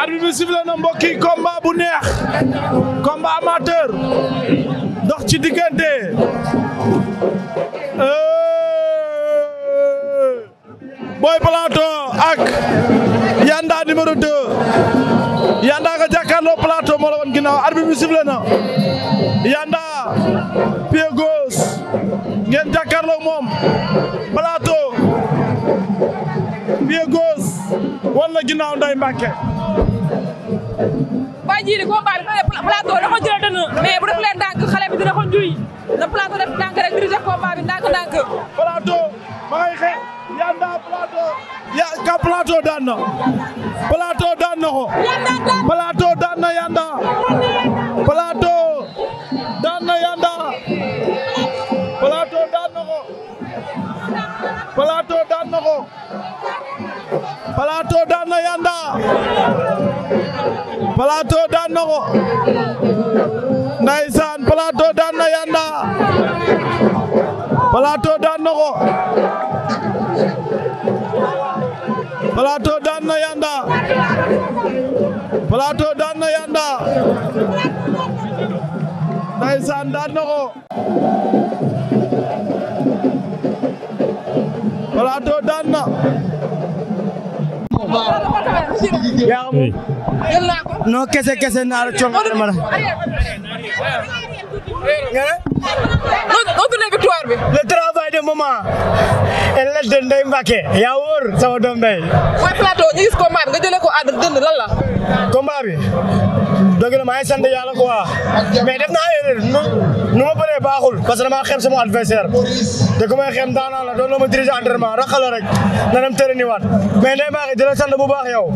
arbitre bi sifflé na mbokk yi combat bu neex combat dox ci diggante euh, Boy Plateau ak Yanda numéro 2 Yanda nga jàkkaarloo Plateau moo la woon ginnaaw arbitre bi na Yanda pied gauche ngeen jàkkaarloo moom Plateau wala ginnaaw Ndeye Mbacke. waa ji li combat bi plateau dafa jëlee mais bu def leen ndànk xale bi dina ko njuy na plateau def ndànk rek diriger combat bi ndànk-ndànk. plateau ma ngay xeex yanda plateau. ya ka plateau daan na. plateau daan na ko. plateau daan na yanda. Plateau daan na Yanda Plateau daan na ko ndeysaan Plateau daan na yaa ngi ko. non kese kese naa la coono dama la. nga ne. le travail de maman. dënn la dënn day Mbàkke yaa wóor sama doom day. mooy plateau ñu gis combat bi ko ànd dënn lan la. combat bi dëgg la maa ngi sant yàlla quoi mais def naa erreur nu nu ma bëree baaxul parce que damaa xeeb sama adversaire te ku may xeeb daanaa la ma diriger entraînement raxal rek na dem tërëni waat mais ndey Mbàkke di la sant baax yow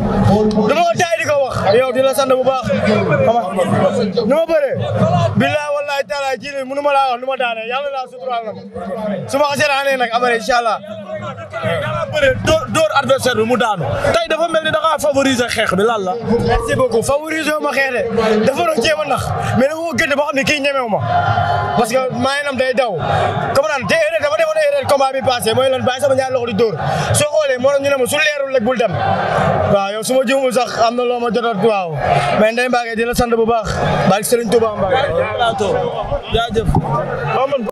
du ma ko taay di ko wax yow di la sant bu baax xam nga nu ma bëree billaay billahi taala ji li mënu ma laa wax nu ma daanee yàlla laa suturaal na ma su ma xasee daanee allah dangaa adversaire bi mu daanu tey dafa mel ni da ngaa favoriser xeex bi lan la merci beaucoup favoriser ma xeex de dafa doon jéem nax mais dama ko gëdd ba ne kii ñemew ma parce que maa ngi nam day daw comme naan te erreur dafa defoon erreur combat bi passé mooy lan bàyyi sama ñaari loxo di dóor soo xoolee moo ñu ne ma su leerul rek bul dem waaw yow su ma juumul sax am na loo ma jotat waaw mais ndey mbaagee bu baax barke Serigne jaajëf